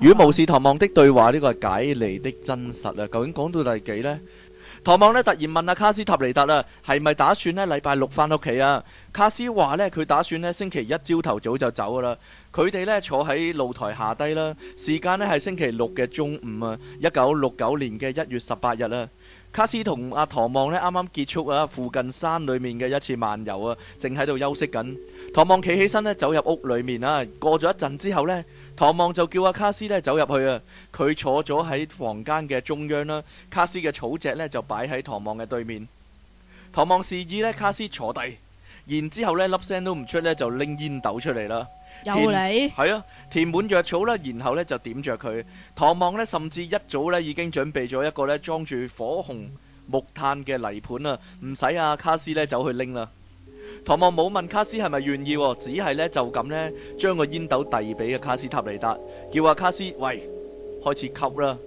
如果巫士唐望的對話，呢個係解離的真實啊！究竟講到第幾呢？唐望呢突然問阿、啊、卡斯塔尼達啊，係咪打算呢禮拜六翻屋企啊？卡斯話呢，佢打算呢星期一朝頭早就走噶啦。佢哋呢坐喺露台下低啦，時間呢係星期六嘅中午啊，一九六九年嘅一月十八日啦、啊。卡斯同阿唐望呢啱啱結束啊，附近山裏面嘅一次漫遊啊，正喺度休息緊。唐望企起身呢，走入屋裏面啊，過咗一陣之後呢。唐望就叫阿、啊、卡斯咧走入去啊，佢坐咗喺房間嘅中央啦、啊，卡斯嘅草席呢就擺喺唐望嘅對面。唐望示意呢卡斯坐低，然之後咧粒聲都唔出呢，就拎煙斗出嚟啦。又嚟？係啊，填滿藥草啦，然後呢就點着佢。唐望呢，甚至一早呢已經準備咗一個呢裝住火紅木炭嘅泥盤啊，唔使阿卡斯呢走去拎啦。唐望冇問卡斯係咪願意，只係呢就咁呢將個煙斗遞俾阿卡斯塔利達，叫阿卡斯喂，開始吸啦。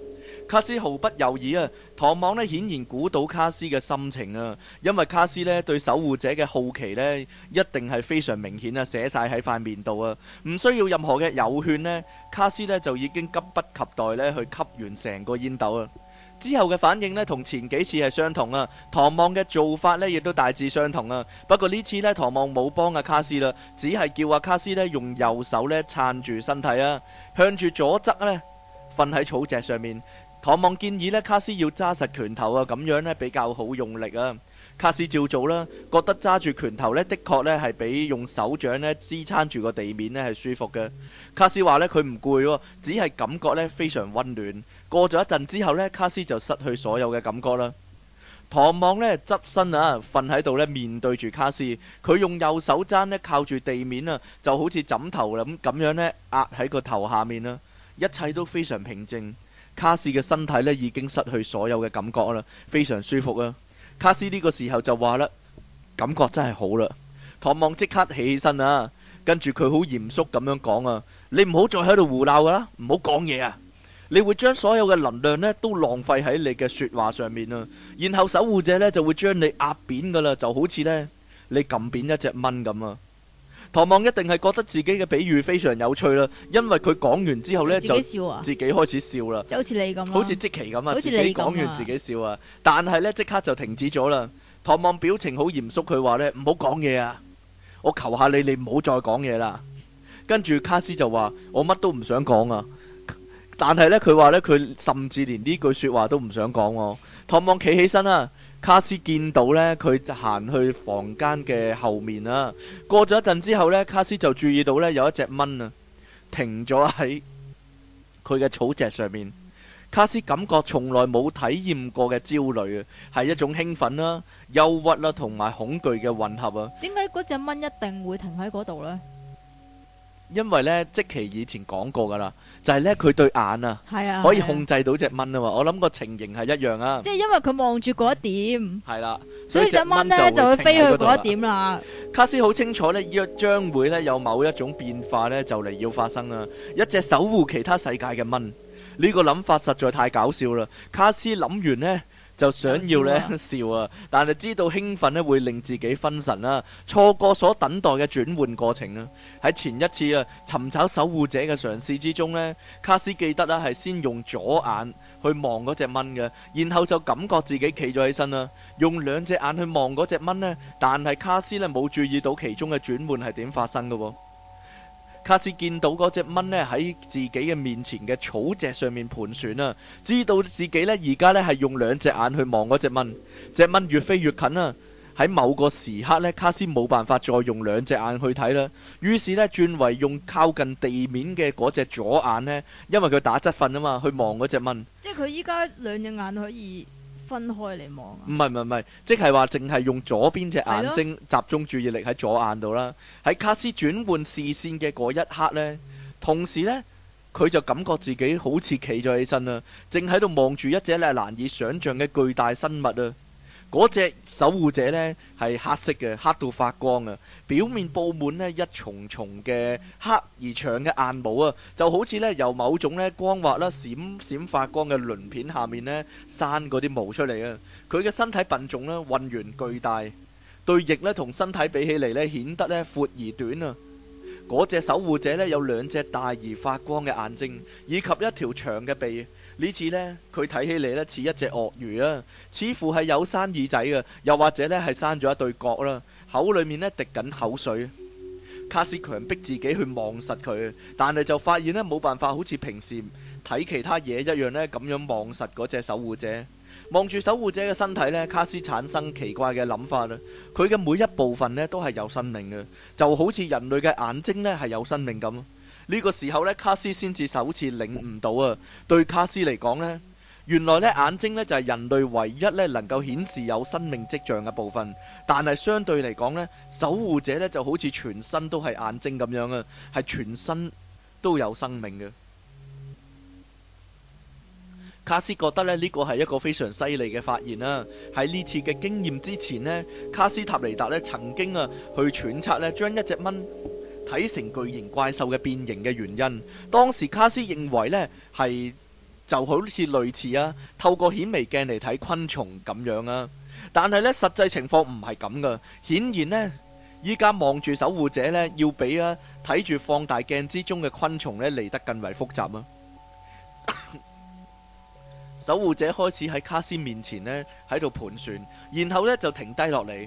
卡斯毫不猶豫啊，唐望呢顯然估到卡斯嘅心情啊，因為卡斯呢對守護者嘅好奇呢一定係非常明顯啊，寫晒喺塊面度啊，唔需要任何嘅誘勸，呢，卡斯呢就已經急不及待呢去吸完成個煙斗啊。之後嘅反應咧，同前幾次係相同啊。唐望嘅做法呢，亦都大致相同啊。不過呢次呢，唐望冇幫阿卡斯啦，只係叫阿、啊、卡斯呢用右手呢撐住身體啊，向住左側呢，瞓喺草席上面。唐望建議呢，卡斯要揸實拳頭啊，咁樣呢比較好用力啊。卡斯照做啦、啊，覺得揸住拳頭呢，的確呢係比用手掌呢支撐住個地面呢係舒服嘅。卡斯話呢，佢唔攰喎，只係感覺呢非常溫暖。過咗一陣之後呢，卡斯就失去所有嘅感覺啦。唐望呢，側身啊，瞓喺度呢，面對住卡斯，佢用右手踭呢，靠住地面啊，就好似枕頭咁咁樣呢，壓喺個頭下面啦。一切都非常平靜，卡斯嘅身體呢，已經失去所有嘅感覺啦，非常舒服啊。卡斯呢個時候就話啦，感覺真係好啦。唐望即刻起起身啊，跟住佢好嚴肅咁樣講啊，你唔好再喺度胡鬧噶啦，唔好講嘢啊！你會將所有嘅能量咧，都浪費喺你嘅說話上面啊，然後守護者咧，就會將你壓扁噶啦，就好似咧，你撳扁一隻蚊咁啊。唐望一定係覺得自己嘅比喻非常有趣啦，因為佢講完之後呢，自啊、就自己開始笑啦，好似你咁，好似即期咁啊，自己講完自己笑啊，但係呢，即刻就停止咗啦。唐望表情好嚴肅，佢話呢：「唔好講嘢啊，我求下你，你唔好再講嘢啦。」跟住卡斯就我話我乜都唔想講啊。但係呢，佢話呢，佢甚至連呢句說話都唔想講、哦。唐望企起身啦、啊，卡斯見到呢，佢就行去房間嘅後面啦、啊。過咗一陣之後呢，卡斯就注意到呢，有一隻蚊啊，停咗喺佢嘅草席上面。卡斯感覺從來冇體驗過嘅焦慮啊，係一種興奮啦、啊、憂鬱啦同埋恐懼嘅混合啊。點解嗰隻蚊一定會停喺嗰度呢？因為咧，即其以前講過噶啦，就係咧佢對眼啊，啊可以控制到隻蚊啊嘛。啊我諗個情形係一樣啊，即係因為佢望住嗰一點，係啦， 所以隻蚊咧就，就會飛去嗰一點啦。卡斯好清楚咧，約將會咧有某一種變化咧，就嚟要發生啦。一隻守護其他世界嘅蚊，呢、這個諗法實在太搞笑啦。卡斯諗完呢。就想要咧笑啊，但係知道興奮咧會令自己分神啊，錯過所等待嘅轉換過程啊。喺前一次啊尋找守護者嘅嘗試之中呢，卡斯記得啦、啊、係先用左眼去望嗰隻蚊嘅，然後就感覺自己企咗起身啊，用兩隻眼去望嗰隻蚊呢。但係卡斯呢冇注意到其中嘅轉換係點發生㗎、啊。卡斯見到嗰隻蚊呢，喺自己嘅面前嘅草席上面盤旋啊。知道自己呢，而家呢係用兩隻眼去望嗰隻蚊，隻蚊越飛越近啊，喺某個時刻呢，卡斯冇辦法再用兩隻眼去睇啦，於是呢，轉為用靠近地面嘅嗰隻左眼呢，因為佢打側瞓啊嘛，去望嗰隻蚊。即係佢依家兩隻眼可以。分開嚟望啊？唔係唔係唔係，即係話淨係用左邊隻眼睛集中注意力喺左眼度啦。喺的卡斯轉換視線嘅嗰一刻呢，同時呢，佢就感覺自己好似企咗起身啦，啊，正喺度望住一隻咧難以想象嘅巨大生物啊！嗰隻守護者呢係黑色嘅，黑到發光啊！表面布滿呢一重重嘅黑而長嘅硬毛啊，就好似呢由某種呢光滑啦、閃閃發光嘅鱗片下面呢生嗰啲毛出嚟啊！佢嘅身體笨重呢，渾圓巨大，對翼呢同身體比起嚟呢顯得呢闊而短啊！嗰隻守護者呢有兩隻大而發光嘅眼睛，以及一條長嘅鼻。呢次呢，佢睇起嚟呢似一隻鱷魚啊，似乎係有生耳仔嘅，又或者呢係生咗一對角啦，口裏面呢滴緊口水。卡斯強迫自己去望實佢，但係就發現呢冇辦法好似平時睇其他嘢一樣呢咁樣望實嗰隻守護者。望住守護者嘅身體呢，卡斯產生奇怪嘅諗法啦。佢嘅每一部分呢都係有生命嘅，就好似人類嘅眼睛呢係有生命咁。呢個時候呢，卡斯先至首次領悟到啊！對卡斯嚟講呢，原來呢眼睛呢就係人類唯一呢能夠顯示有生命跡象嘅部分。但係相對嚟講呢，守護者呢就好似全身都係眼睛咁樣啊，係全身都有生命嘅。卡斯覺得呢，呢個係一個非常犀利嘅發現啦！喺呢次嘅經驗之前呢，卡斯塔尼達呢曾經啊去揣測呢將一隻蚊。睇成巨型怪獸嘅變形嘅原因，當時卡斯認為呢係就好似類似啊，透過顯微鏡嚟睇昆蟲咁樣啊。但係呢實際情況唔係咁噶，顯然呢依家望住守護者呢要比啊睇住放大鏡之中嘅昆蟲呢嚟得更為複雜啊。守護者開始喺卡斯面前呢喺度盤旋，然後呢就停低落嚟。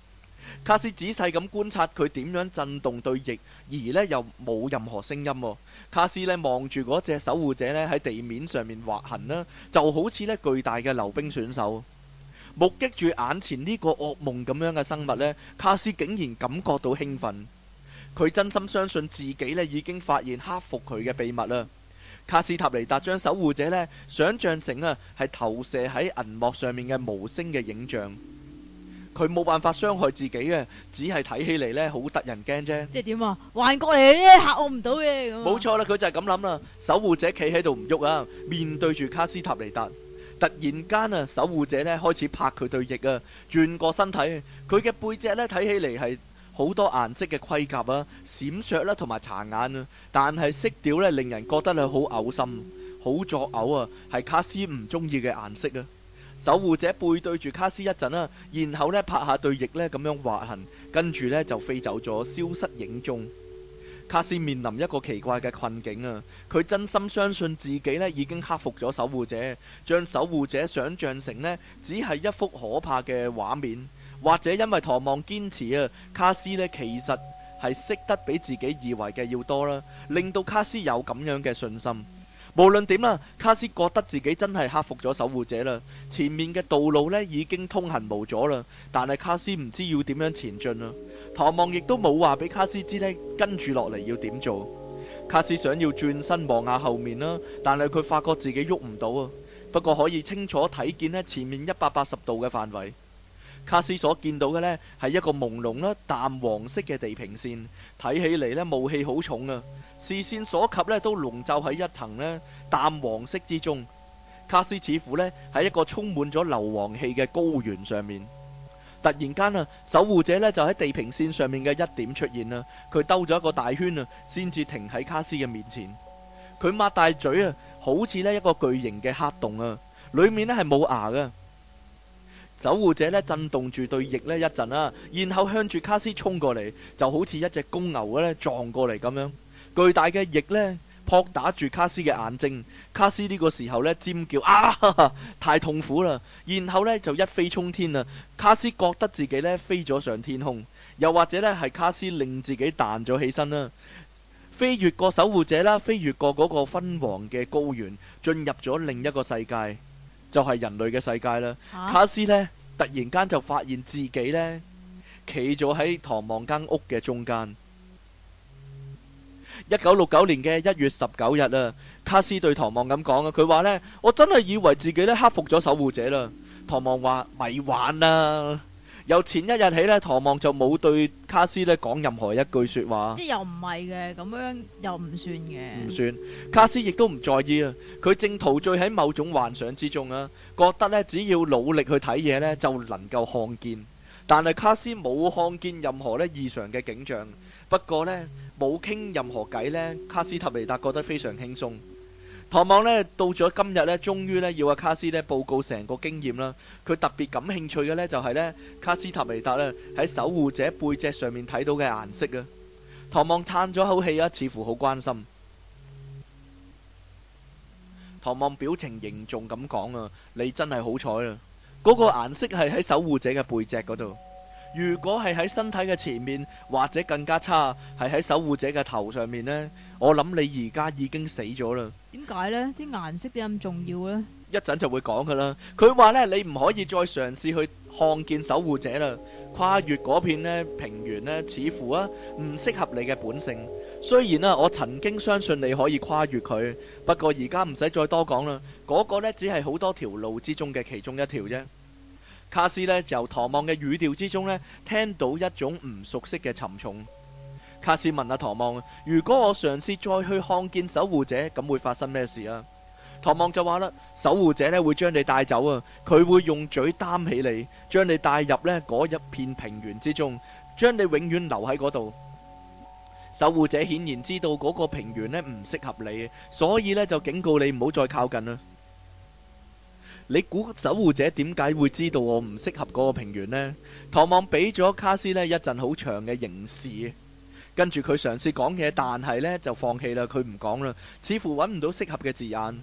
卡斯仔細咁觀察佢點樣震動對翼，而呢又冇任何聲音。卡斯呢望住嗰隻守護者呢喺地面上面滑行啦，就好似呢巨大嘅溜冰選手。目擊住眼前呢個噩夢咁樣嘅生物呢，卡斯竟然感覺到興奮。佢真心相信自己呢已經發現克服佢嘅秘密啦。卡斯塔尼達將守護者呢想象成啊係投射喺銀幕上面嘅無聲嘅影像。佢冇辦法傷害自己嘅，只係睇起嚟呢好得人驚啫。即係點啊？幻覺嚟嘅，吓我唔到嘅。冇錯啦，佢就係咁諗啦。守護者企喺度唔喐啊，面對住卡斯塔尼達。突然間啊，守護者呢開始拍佢對翼啊，轉過身體。佢嘅背脊呢睇起嚟係好多顏色嘅盔甲啊，閃爍啦同埋查眼啊。但係色調呢令人覺得佢好嘔心，好作嘔啊，係卡斯唔中意嘅顏色啊。守護者背對住卡斯一陣啦，然後咧拍下對翼咧咁樣滑行，跟住咧就飛走咗，消失影蹤。卡斯面臨一個奇怪嘅困境啊！佢真心相信自己咧已經克服咗守護者，將守護者想象成咧只係一幅可怕嘅畫面，或者因為唐望堅持啊，卡斯咧其實係識得比自己以為嘅要多啦，令到卡斯有咁樣嘅信心。無論點啦，卡斯覺得自己真係克服咗守護者啦，前面嘅道路呢已經通行無阻啦，但係卡斯唔知要點樣前進啊。唐望亦都冇話俾卡斯知呢，跟住落嚟要點做。卡斯想要轉身望下後面啦，但係佢發覺自己喐唔到啊，不過可以清楚睇見咧前面一百八十度嘅範圍。卡斯所見到嘅呢，係一個朦朧啦、淡黃色嘅地平線，睇起嚟呢，霧氣好重啊！視線所及呢，都籠罩喺一層呢淡黃色之中。卡斯似乎呢，喺一個充滿咗硫磺氣嘅高原上面。突然間啊，守護者呢，就喺地平線上面嘅一點出現啦。佢兜咗一個大圈啊，先至停喺卡斯嘅面前。佢擘大嘴啊，好似呢一個巨型嘅黑洞啊，裡面呢，係冇牙嘅。守護者咧震動住對翼咧一陣啦，然後向住卡斯衝過嚟，就好似一隻公牛咧撞過嚟咁樣，巨大嘅翼咧撲打住卡斯嘅眼睛。卡斯呢個時候咧尖叫啊，太痛苦啦！然後咧就一飛衝天啦。卡斯覺得自己咧飛咗上天空，又或者咧係卡斯令自己彈咗起身啦，飛越過守護者啦，飛越過嗰個昏黃嘅高原，進入咗另一個世界。就係人類嘅世界啦。卡斯咧突然間就發現自己咧，企咗喺唐望間屋嘅中間。一九六九年嘅一月十九日啊，卡斯對唐望咁講啊，佢話咧：我真係以為自己咧克服咗守護者啦。唐望話：咪玩啦！由前一日起咧，唐望就冇對卡斯咧講任何一句說話。即係又唔係嘅，咁樣又唔算嘅。唔算。卡斯亦都唔在意啊！佢正陶醉喺某種幻想之中啊，覺得咧只要努力去睇嘢咧就能夠看見。但係卡斯冇看見任何咧異常嘅景象。不過咧冇傾任何偈咧，卡斯塔尼達覺得非常輕鬆。唐望咧到咗今日咧，終於咧要阿卡斯咧報告成個經驗啦。佢特別感興趣嘅咧就係、是、咧卡斯塔尼達咧喺守護者背脊上面睇到嘅顏色啊。唐望嘆咗口氣啊，似乎好關心。唐望表情凝重咁講啊：你真係好彩啦！嗰、那個顏色係喺守護者嘅背脊嗰度。如果係喺身體嘅前面，或者更加差係喺守護者嘅頭上面咧，我諗你而家已經死咗啦。點解呢？啲顏色點解咁重要咧？一陣就會講噶啦。佢話呢，你唔可以再嘗試去看見守護者啦。跨越嗰片呢平原呢，似乎啊唔適合你嘅本性。雖然啦，我曾經相信你可以跨越佢，不過而家唔使再多講啦。嗰個呢，只係好多條路之中嘅其中一條啫。卡斯呢，由唐望嘅語調之中呢，聽到一種唔熟悉嘅沉重。卡斯問阿、啊、唐望：如果我嘗試再去看見守護者，咁會發生咩事啊？唐望就話啦：守護者呢會將你帶走啊，佢會用嘴擔起你，將你帶入呢嗰一片平原之中，將你永遠留喺嗰度。守護者顯然知道嗰個平原呢唔適合你，所以呢就警告你唔好再靠近啦。你估守護者點解會知道我唔適合嗰個平原呢？唐望俾咗卡斯呢一陣好長嘅凝視。跟住佢嘗試講嘢，但係呢就放棄啦，佢唔講啦，似乎揾唔到適合嘅字眼。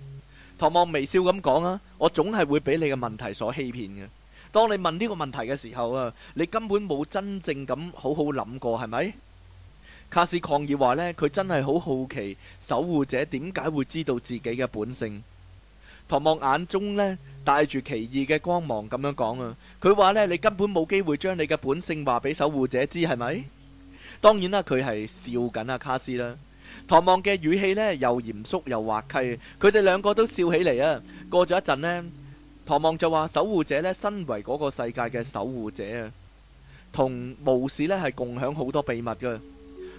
唐望微笑咁講啊，我總係會俾你嘅問題所欺騙嘅。當你問呢個問題嘅時候啊，你根本冇真正咁好好諗過，係咪？卡斯抗議話呢，佢真係好好奇，守護者點解會知道自己嘅本性？唐望眼中呢，帶住奇異嘅光芒咁樣講啊，佢話呢，你根本冇機會將你嘅本性話俾守護者知，係咪？當然啦，佢係笑緊阿卡斯啦，唐望嘅語氣呢又嚴肅又滑稽，佢哋兩個都笑起嚟啊！過咗一陣呢，唐望就話：守護者呢，身為嗰個世界嘅守護者啊，同巫士呢係共享好多秘密嘅。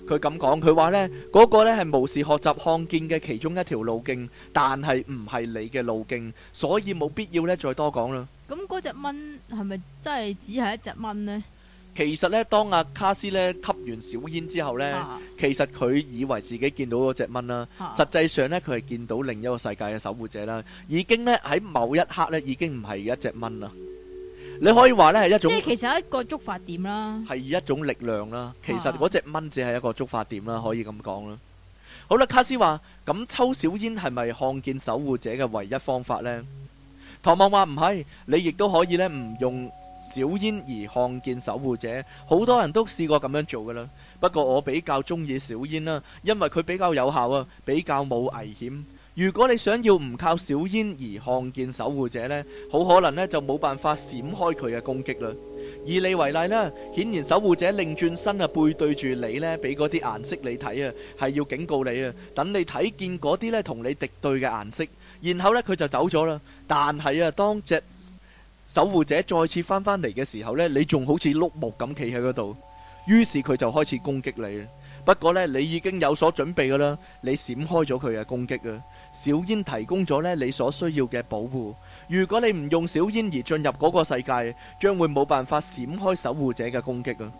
佢咁講，佢話呢嗰個呢係巫士學習看見嘅其中一條路徑，但係唔係你嘅路徑，所以冇必要呢再多講啦。咁嗰隻蚊係咪真係只係一隻蚊呢？其實咧，當阿、啊、卡斯咧吸完小煙之後咧，啊、其實佢以為自己見到嗰隻蚊啦，啊、實際上咧佢係見到另一個世界嘅守護者啦。已經咧喺某一刻咧，已經唔係一隻蚊啦。你可以話咧係一種即係其實一個觸發點啦，係一種力量啦。啊、其實嗰隻蚊只係一個觸發點啦，可以咁講啦。好啦，卡斯話咁抽小煙係咪看見守護者嘅唯一方法咧？唐望話唔係，你亦都可以咧唔用。小煙而看見守護者，好多人都試過咁樣做噶啦。不過我比較中意小煙啦，因為佢比較有效啊，比較冇危險。如果你想要唔靠小煙而看見守護者呢，好可能呢就冇辦法閃開佢嘅攻擊啦。以你為例啦，顯然守護者擰轉身啊，背對住你呢，俾嗰啲顏色你睇啊，係要警告你啊。等你睇見嗰啲呢同你敵對嘅顏色，然後呢佢就走咗啦。但係啊，當只守護者再次返返嚟嘅時候呢，你仲好似碌木咁企喺嗰度，於是佢就開始攻擊你。不過呢，你已經有所準備噶啦，你閃開咗佢嘅攻擊啊！小煙提供咗呢你所需要嘅保護。如果你唔用小煙而進入嗰個世界，將會冇辦法閃開守護者嘅攻擊啊！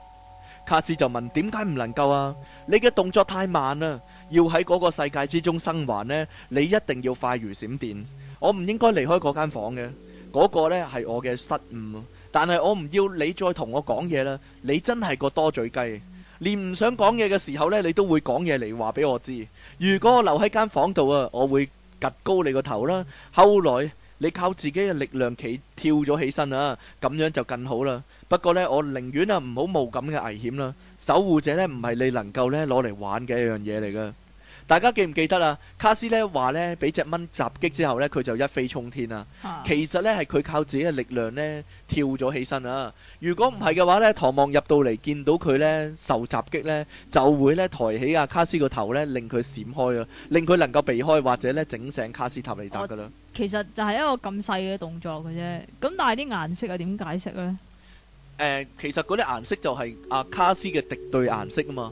卡斯就問：點解唔能夠啊？你嘅動作太慢啦！要喺嗰個世界之中生還呢，你一定要快如閃電。我唔應該離開嗰間房嘅。嗰個呢係我嘅失誤，但係我唔要你再同我講嘢啦。你真係個多嘴雞，連唔想講嘢嘅時候呢，你都會講嘢嚟話俾我知。如果我留喺間房度啊，我會及高你個頭啦。後來你靠自己嘅力量企跳咗起身啊，咁樣就更好啦。不過呢，我寧願啊唔好冒咁嘅危險啦。守護者呢，唔係你能夠呢攞嚟玩嘅一樣嘢嚟噶。大家記唔記得啊？卡斯咧話咧，俾隻蚊襲擊之後咧，佢就一飛沖天啊。其實咧係佢靠自己嘅力量咧跳咗起身啊。如果唔係嘅話咧，唐望入到嚟見到佢咧受襲擊咧，就會咧抬起阿、啊、卡斯個頭咧，令佢閃開啊，令佢能夠避開或者咧整醒卡斯塔利達噶啦、啊。其實就係一個咁細嘅動作嘅啫。咁但係啲顏色係點解釋咧？誒、呃，其實嗰啲顏色就係阿、啊、卡斯嘅敵對顏色啊嘛。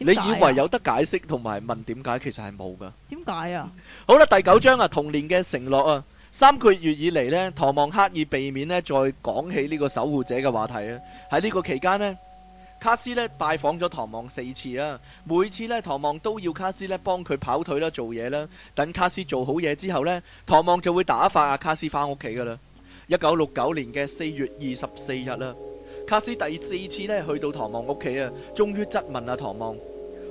你以為有得解釋同埋問點解，其實係冇噶。點解啊？ 好啦，第九章啊，童年嘅承諾啊，三個月以嚟呢，唐望刻意避免呢再講起呢個守護者嘅話題啊。喺呢個期間呢，卡斯呢拜訪咗唐望四次啊。每次呢，唐望都要卡斯呢幫佢跑腿啦、啊、做嘢啦、啊。等卡斯做好嘢之後呢，唐望就會打發阿、啊、卡斯返屋企噶啦。一九六九年嘅四月二十四日啦、啊，卡斯第四次呢去到唐望屋企啊，終於質問阿、啊、唐望。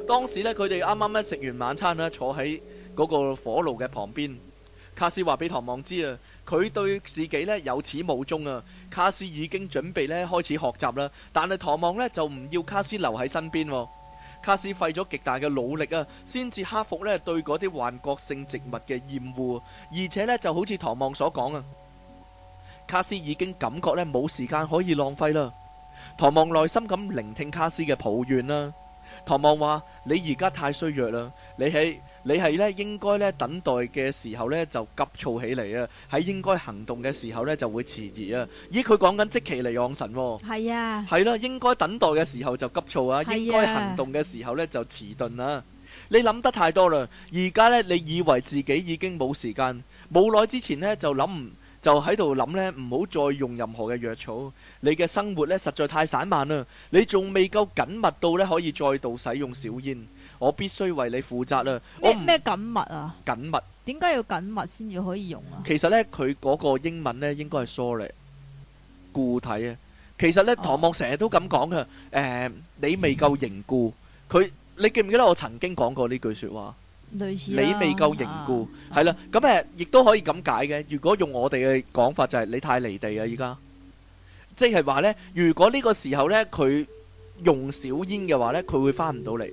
當時呢，佢哋啱啱咧食完晚餐啦，坐喺嗰個火爐嘅旁邊。卡斯話俾唐望知啊，佢對自己咧有始無終啊。卡斯已經準備咧開始學習啦，但係唐望呢就唔要卡斯留喺身邊。卡斯費咗極大嘅努力啊，先至克服咧對嗰啲幻覺性植物嘅厭惡，而且呢，就好似唐望所講啊，卡斯已經感覺咧冇時間可以浪費啦。唐望耐心咁聆聽卡斯嘅抱怨啦。唐望話：你而家太衰弱啦，你喺你係咧應該咧等待嘅時候咧就急躁起嚟啊，喺應該行動嘅時候咧就會遲疑、哦、啊。咦，佢講緊即期嚟往神喎。係啊。係啦，應該等待嘅時候就急躁啊，啊應該行動嘅時候咧就遲鈍啊。你諗得太多啦，而家咧你以為自己已經冇時間，冇耐之前呢，就諗唔。就喺度諗呢，唔好再用任何嘅藥草。你嘅生活呢，實在太散漫啦，你仲未夠緊密到呢，可以再度使用小煙。我必須為你負責啦。咩咩緊密啊？緊密。點解要緊密先至可以用啊？其實呢，佢嗰個英文呢，應該係 solid，固體啊。其實呢，oh. 唐望成日都咁講㗎。誒、呃，你未夠凝固。佢， 你記唔記得我曾經講過呢句說話？你未夠凝固，係啦，咁誒，亦都可以咁解嘅。如果用我哋嘅講法，就係你太離地啊，而家，即係話咧，如果呢個時候咧，佢用小煙嘅話咧，佢會翻唔到嚟，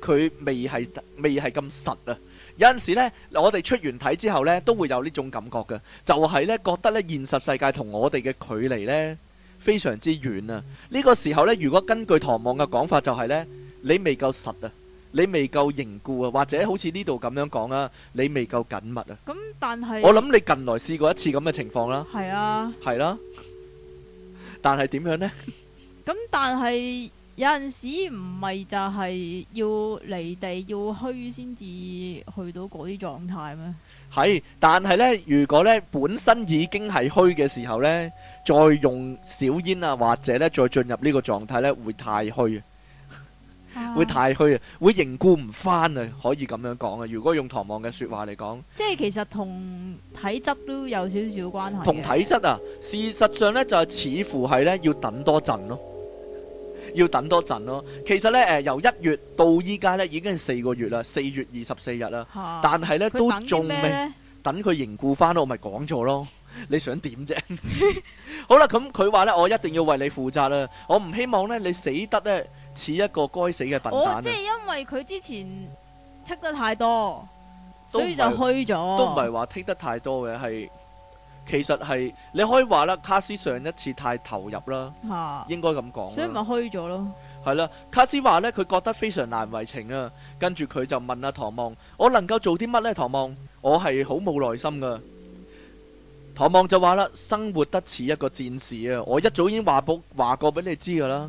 佢未係未係咁實啊。有陣時咧，我哋出完體之後咧，都會有呢種感覺嘅，就係咧覺得咧現實世界同我哋嘅距離咧非常之遠啊。呢個時候咧，如果根據唐望嘅講法，就係咧你未夠實啊。你未夠凝固啊，或者好似呢度咁樣講啊，你未夠緊密啊。咁但係我諗你近來試過一次咁嘅情況啦。係、嗯、啊，係啦是、啊。 但係點樣呢？咁 但係有陣時唔係就係要離地要虛先至去到嗰啲狀態咩？係，但係呢，如果呢本身已經係虛嘅時候呢，再用小煙啊，或者呢再進入呢個狀態呢，會太虛。會太虛啊，會凝固唔翻啊，可以咁樣講啊。如果用唐望嘅說話嚟講，即係其實同體質都有少少關係。同體質啊，事實上呢，就係、似乎係呢，要等多陣咯，要等多陣咯。其實呢，誒、呃、由一月到依家呢，已經係四個月啦，四月二十四日啦，啊、但係呢，呢都仲未等佢凝固翻，我咪講咗咯。你想點啫？ 好啦，咁佢話呢，我一定要為你負責啦，我唔希望呢，你死得呢。 似一個該死嘅笨蛋，啊哦、即係因為佢之前剔得太多，所以就虛咗。都唔係話剔得太多嘅，係其實係你可以話啦。卡斯上一次太投入啦，啊、應該咁講，所以咪虛咗咯。係啦，嗯，卡斯話呢，佢覺得非常難為情啊。跟住佢就問阿、啊、唐望：「我能夠做啲乜呢？」唐望，我係好冇耐心噶。唐望就話啦：生活得似一個戰士啊！我一早已經話卜話過俾你知噶啦。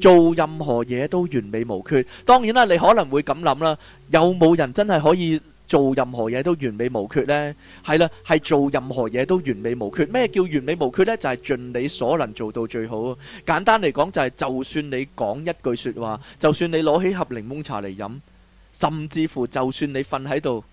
做任何嘢都完美無缺，當然啦，你可能會咁諗啦，有冇人真係可以做任何嘢都完美無缺呢？係啦，係做任何嘢都完美無缺。咩叫完美無缺呢？就係盡你所能做到最好。簡單嚟講就係，就算你講一句說話，就算你攞起盒檸檬茶嚟飲，甚至乎就算你瞓喺度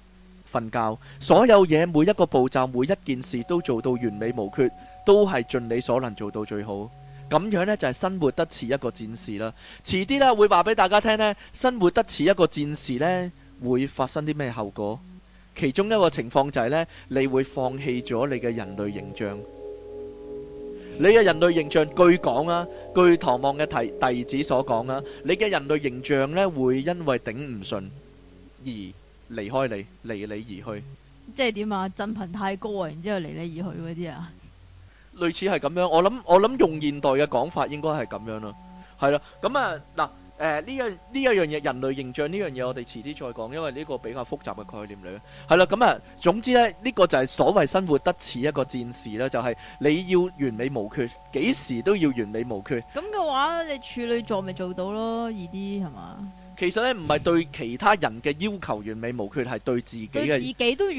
瞓覺，所有嘢每一個步驟，每一件事都做到完美無缺，都係盡你所能做到最好。咁樣咧就係生活得似一個戰士啦，遲啲咧會話俾大家聽咧，生活得似一個戰士咧會發生啲咩後果？其中一個情況就係咧，你會放棄咗你嘅人類形象。你嘅人類形象，據講啊，據唐望嘅弟子所講啊，你嘅人類形象咧會因為頂唔順而離開你，離你而去。即係點啊？振頻太高啊，然之後離你而去嗰啲啊？類似係咁樣，我諗我諗用現代嘅講法應該係咁樣咯，係啦、嗯。咁啊嗱，誒、呃、呢樣呢一樣嘢人類形象呢樣嘢，我哋遲啲再講，因為呢個比較複雜嘅概念嚟嘅。係啦，咁啊，總之咧，呢、這個就係所謂生活得似一個戰士啦，就係、是、你要完美無缺，幾時都要完美無缺。咁嘅話，你處女座咪做到咯，易啲係嘛？其實咧唔係對其他人嘅要求完美無缺，係對自己嘅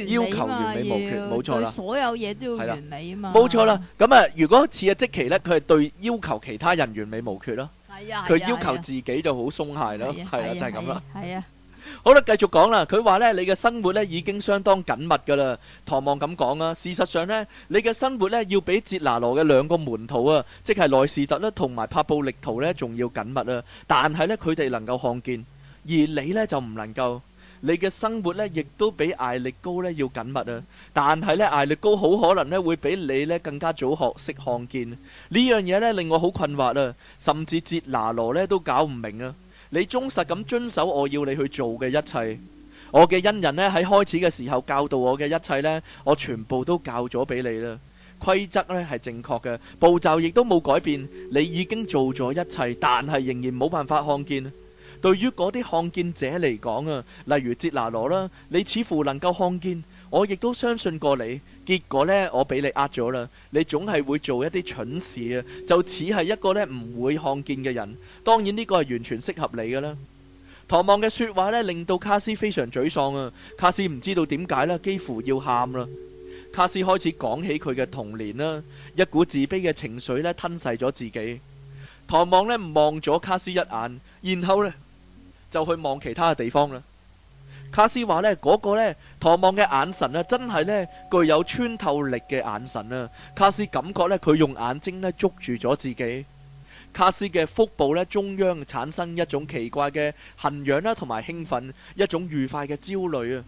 要求完美無缺，冇錯啦。所有嘢都要完美啊嘛，冇錯啦。咁啊，如果似阿積奇咧，佢係對要求其他人完美無缺咯，佢、哎、呀要求自己就好鬆懈咯，係啊，就係、是、咁啦。哎好啦，繼續講啦。佢話咧，你嘅生活咧已經相當緊密噶啦。唐望咁講啊。事實上咧，你嘅生活咧要比哲拿羅嘅兩個門徒啊，即係內斯特啦，同埋帕布力圖咧，仲要緊密啊。但係咧，佢哋能夠看見，而你咧就唔能夠。你嘅生活咧，亦都比艾力高咧要緊密啊。但係咧，艾力高好可能咧會比你咧更加早學識看見。呢樣嘢咧令我好困惑啊。甚至哲拿羅咧都搞唔明啊。你忠實咁遵守我要你去做嘅一切，我嘅恩人咧喺開始嘅時候教導我嘅一切咧，我全部都教咗俾你啦。規則咧係正確嘅，步驟亦都冇改變。你已經做咗一切，但係仍然冇辦法看見。對於嗰啲看見者嚟講啊，例如捷拿羅啦，你似乎能夠看見。我亦都相信過你，結果呢，我俾你呃咗啦。你總係會做一啲蠢事啊！就似係一個呢唔會看見嘅人。當然呢個係完全適合你㗎啦。唐望嘅說話呢，令到卡斯非常沮喪啊！卡斯唔知道點解啦，幾乎要喊啦。卡斯開始講起佢嘅童年啦，一股自卑嘅情緒呢吞噬咗自己。唐望呢望咗卡斯一眼，然後呢，就去望其他嘅地方啦。卡斯話呢嗰、那個呢，唐望嘅眼神咧、啊，真係呢，具有穿透力嘅眼神啦、啊。卡斯感覺呢，佢用眼睛咧捉住咗自己。卡斯嘅腹部呢，中央產生一種奇怪嘅痕癢啦，同埋興奮一種愉快嘅焦慮啊，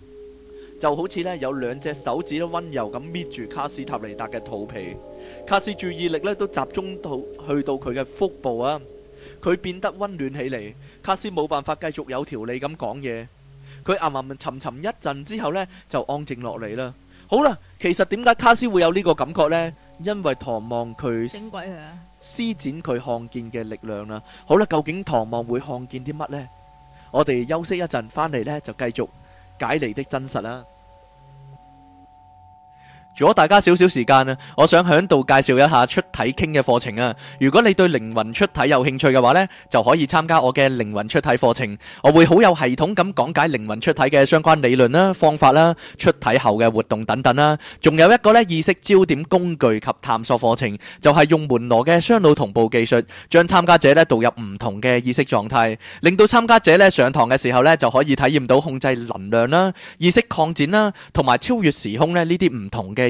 就好似呢，有兩隻手指都溫柔咁搣住卡斯塔尼達嘅肚皮。卡斯注意力呢，都集中到去到佢嘅腹部啊，佢變得溫暖起嚟。卡斯冇辦法繼續有條理咁講嘢。佢吟吟沉沉一陣之後呢，就安靜落嚟啦。好啦，其實點解卡斯會有呢個感覺呢？因為唐望佢、啊、施展佢看見嘅力量啦。好啦，究竟唐望會看見啲乜呢？我哋休息一陣，翻嚟呢，就繼續解離的真實啦。如果大家少少時間啊，我想響度介紹一下出體傾嘅課程啊。如果你對靈魂出體有興趣嘅話咧，就可以參加我嘅靈魂出體課程。我會好有系統咁講解靈魂出體嘅相關理論啦、方法啦、出體後嘅活動等等啦。仲有一個咧意識焦點工具及探索課程，就係用門羅嘅雙腦同步技術，將參加者咧導入唔同嘅意識狀態，令到參加者咧上堂嘅時候咧就可以體驗到控制能量啦、意識擴展啦，同埋超越時空咧呢啲唔同嘅。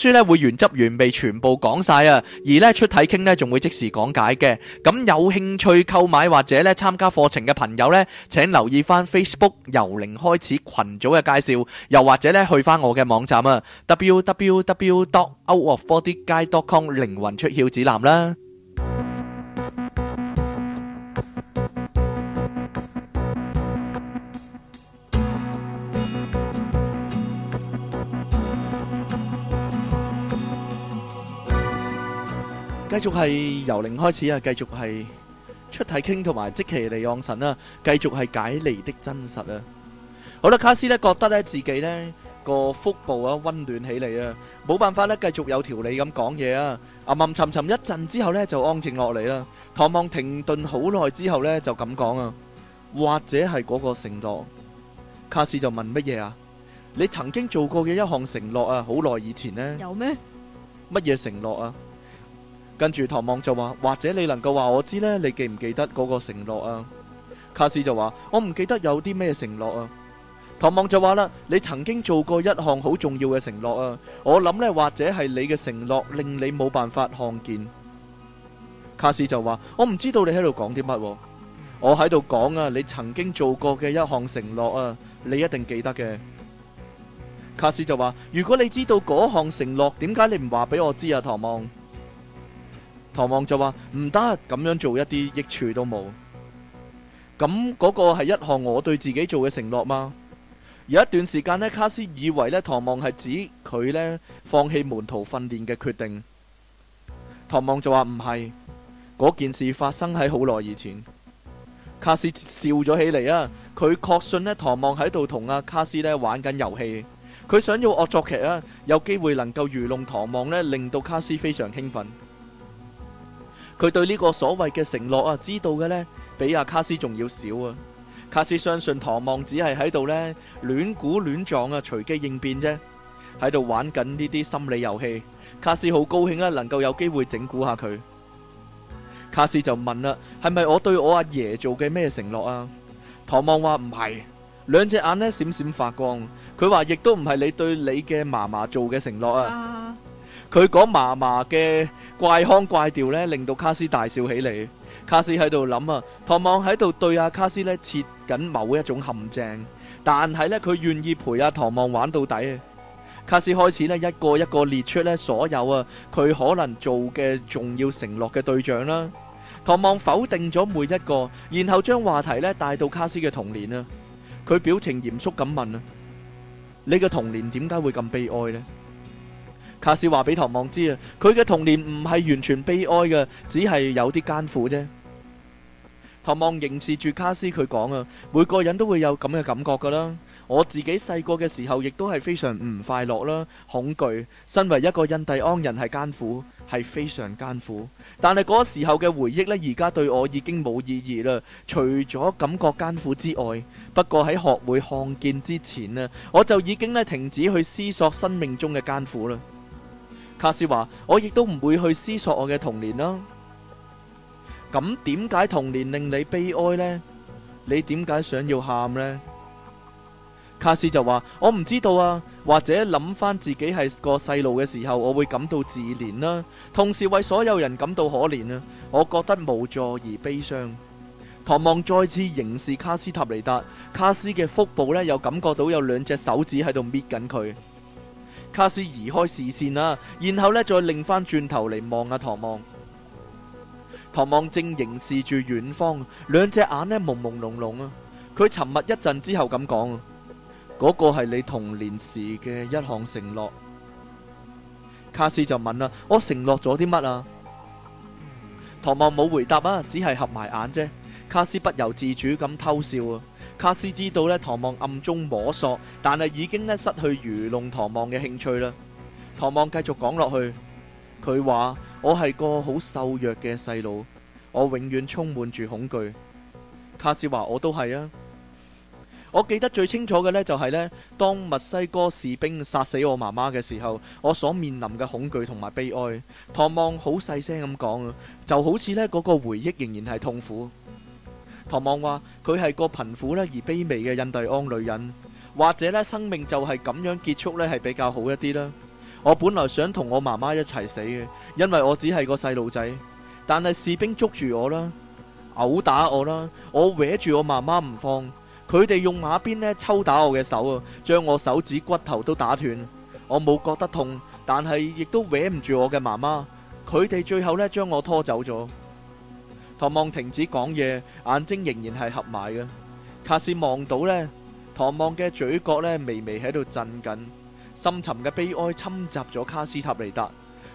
書咧會原汁原味全部講晒啊，而咧出體傾咧仲會即時講解嘅。咁有興趣購買或者咧參加課程嘅朋友咧，請留意翻 Facebook 由零開始群組嘅介紹，又或者咧去翻我嘅網站啊，w w w dot out of body guide dot com 靈魂出竅指南啦。繼續係由零開始啊！繼續係出體傾同埋即其離岸神啦，繼續係解離的真實啊！好啦，卡斯呢覺得呢自己呢個腹部啊溫暖起嚟，啊，冇辦法呢繼續有條理咁講嘢啊！暗暗沉沉一陣之後呢就安靜落嚟啦。唐望停頓好耐之後呢就咁講啊，或者係嗰個承諾。卡斯就問乜嘢啊？你曾經做過嘅一項承諾啊，好耐以前呢？有咩？乜嘢承諾啊？跟住唐望就話，或者你能夠話我知呢？你記唔記得嗰個承諾啊？卡斯就話，我唔記得有啲咩承諾啊？唐望就話啦，你曾經做過一項好重要嘅承諾啊！我諗呢，或者係你嘅承諾令你冇辦法看見。卡斯就話，我唔知道你喺度講啲乜喎，我喺度講啊，你曾經做過嘅一項承諾啊，你一定記得嘅。卡斯就話，如果你知道嗰項承諾，點解你唔話俾我知啊？唐望。唐望就話唔得咁樣做，一啲益處都冇。咁嗰個係一項我對自己做嘅承諾嗎？有一段時間呢，卡斯以為呢，唐望係指佢呢放棄門徒訓練嘅決定。唐望就話唔係，嗰件事發生喺好耐以前。卡斯笑咗起嚟啊！佢確信呢唐望喺度同阿卡斯呢玩緊遊戲。佢想要惡作劇啊，有機會能夠愚弄唐望呢，令到卡斯非常興奮。佢對呢個所謂嘅承諾啊，知道嘅呢，比阿、啊、卡斯仲要少啊！卡斯相信唐望只係喺度呢亂估亂撞啊，隨機應變啫，喺度玩緊呢啲心理遊戲。卡斯好高興啊，能夠有機會整蠱下佢。卡斯就問啦、啊：係咪我對我阿爺，爺做嘅咩承諾啊？唐望話唔係，兩隻眼呢閃閃發光。佢話亦都唔係你對你嘅嫲嫲做嘅承諾啊。啊。佢講麻麻嘅怪腔怪調呢，令到卡斯大笑起嚟。卡斯喺度諗啊，唐望喺度對阿、啊、卡斯呢設緊某一種陷阱，但係呢，佢願意陪阿、啊、唐望玩到底啊。卡斯開始呢，一個一個列出呢所有啊佢可能做嘅重要承諾嘅對象啦。唐望否定咗每一個，然後將話題呢帶到卡斯嘅童年啊。佢表情嚴肅咁問啊：「你嘅童年點解會咁悲哀呢？」卡斯話俾唐望知啊，佢嘅童年唔係完全悲哀嘅，只係有啲艱苦啫。唐望凝視住卡斯，佢講啊，每個人都會有咁嘅感覺噶啦。我自己細個嘅時候，亦都係非常唔快樂啦，恐懼。身為一個印第安人，係艱苦，係非常艱苦。但係嗰時候嘅回憶呢，而家對我已經冇意義啦。除咗感覺艱苦之外，不過喺學會看見之前呢，我就已經呢停止去思索生命中嘅艱苦啦。卡斯話：我亦都唔會去思索我嘅童年啦。咁點解童年令你悲哀呢？你點解想要喊呢？卡斯就話：我唔知道啊。或者諗翻自己係個細路嘅時候，我會感到自憐啦、啊，同時為所有人感到可憐啊。我覺得無助而悲傷。唐望再次凝視卡斯塔尼達，卡斯嘅腹部呢，又感覺到有兩隻手指喺度搣緊佢。卡斯移開視線啦、啊，然後呢，再擰翻轉頭嚟望阿唐望。唐望正凝視住遠方，兩隻眼呢朦朦朧朧啊。佢沉默一陣之後咁講、啊，嗰個係你童年時嘅一項承諾。卡斯就問啦、啊，我承諾咗啲乜啊？唐望冇回答啊，只係合埋眼啫。卡斯不由自主咁偷笑啊。卡斯知道咧，唐望暗中摸索，但係已經咧失去愚弄唐望嘅興趣啦。唐望繼續講落去，佢話：我係個好瘦弱嘅細路，我永遠充滿住恐懼。卡斯話：我都係啊。我記得最清楚嘅呢，就係呢，當墨西哥士兵殺死我媽媽嘅時候，我所面臨嘅恐懼同埋悲哀。唐望好細聲咁講，就好似呢嗰個回憶仍然係痛苦。唐望話佢係個貧苦咧而卑微嘅印第安女人，或者咧生命就係咁樣結束咧係比較好一啲啦。我本來想同我媽媽一齊死嘅，因為我只係個細路仔，但係士兵捉住我啦，毆打我啦，我搲住我媽媽唔放，佢哋用馬鞭咧抽打我嘅手啊，將我手指骨頭都打斷，我冇覺得痛，但係亦都搲唔住我嘅媽媽，佢哋最後咧將我拖走咗。唐望停止講嘢，眼睛仍然係合埋嘅。卡斯望到咧，唐望嘅嘴角咧微微喺度震緊，深沉嘅悲哀侵襲咗卡斯塔尼達。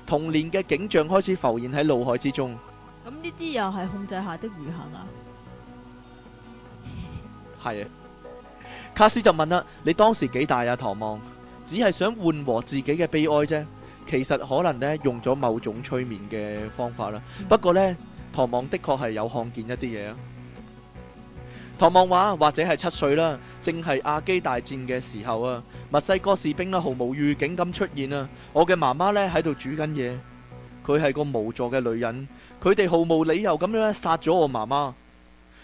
童年嘅景象開始浮現喺腦海之中。咁呢啲又係控制下的愚行啊？係啊。卡斯就問啦：你當時幾大啊？唐望只係想緩和自己嘅悲哀啫，其實可能咧用咗某種催眠嘅方法啦。不過咧。唐望的確係有看見一啲嘢。唐望話，或者係七歲啦，正係亞基大戰嘅時候啊，墨西哥士兵呢，毫無預警咁出現啊，我嘅媽媽呢，喺度煮緊嘢，佢係個無助嘅女人，佢哋毫無理由咁樣咧殺咗我媽媽，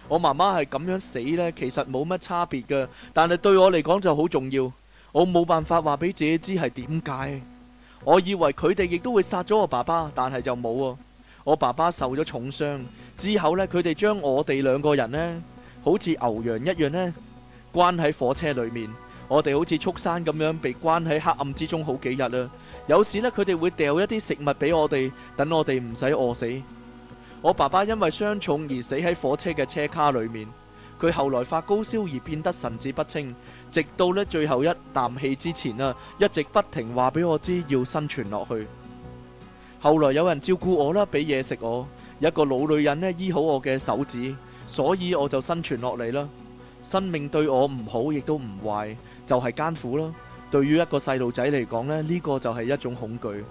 我媽媽係咁樣死呢，其實冇乜差別噶，但係對我嚟講就好重要，我冇辦法話俾自己知係點解，我以為佢哋亦都會殺咗我爸爸，但係就冇啊。我爸爸受咗重傷之後呢，佢哋將我哋兩個人呢，好似牛羊一樣呢，關喺火車裏面。我哋好似畜生咁樣被關喺黑暗之中好幾日啦。有時呢，佢哋會掉一啲食物俾我哋，等我哋唔使餓死。我爸爸因為傷重而死喺火車嘅車卡裏面。佢後來發高燒而變得神志不清，直到呢最後一啖氣之前啊，一直不停話俾我知要生存落去。後來有人照顧我啦，俾嘢食我。一個老女人呢，醫好我嘅手指，所以我就生存落嚟啦。生命對我唔好亦都唔壞，就係艱苦啦。對於一個細路仔嚟講呢，呢呢個就係一種恐懼。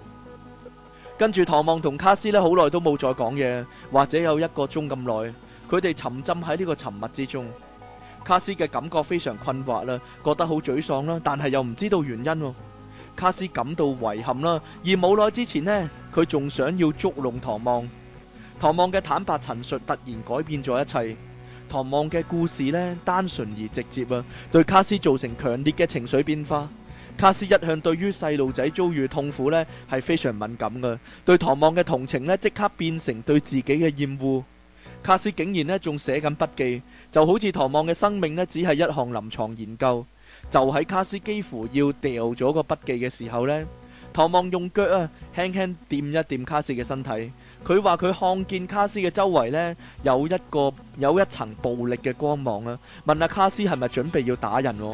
跟住唐望同卡斯呢，好耐都冇再講嘢，或者有一個鐘咁耐，佢哋沉浸喺呢個沉默之中。卡斯嘅感覺非常困惑啦，覺得好沮喪啦，但係又唔知道原因。卡斯感到遺憾啦，而冇耐之前呢，佢仲想要捉弄唐望。唐望嘅坦白陳述突然改變咗一切。唐望嘅故事呢，單純而直接啊，對卡斯造成強烈嘅情緒變化。卡斯一向對於細路仔遭遇痛苦呢，係非常敏感㗎。對唐望嘅同情呢，即刻變成對自己嘅厭惡。卡斯竟然呢，仲寫緊筆記，就好似唐望嘅生命呢，只係一項臨床研究。就喺卡斯幾乎要掉咗個筆記嘅時候呢，唐望用腳啊輕輕掂一掂卡斯嘅身體，佢話佢看見卡斯嘅周圍呢，有一個有一層暴力嘅光芒啊，問阿卡斯係咪準備要打人啊？